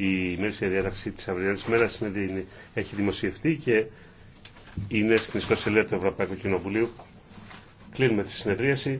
η ημέρησια διάταξη της αυριανής μέρας είναι, έχει δημοσιευτεί και είναι στην ιστοσελίδα του Ευρωπαϊκού Κοινοβουλίου. Κλείνουμε τη συνεδρίαση.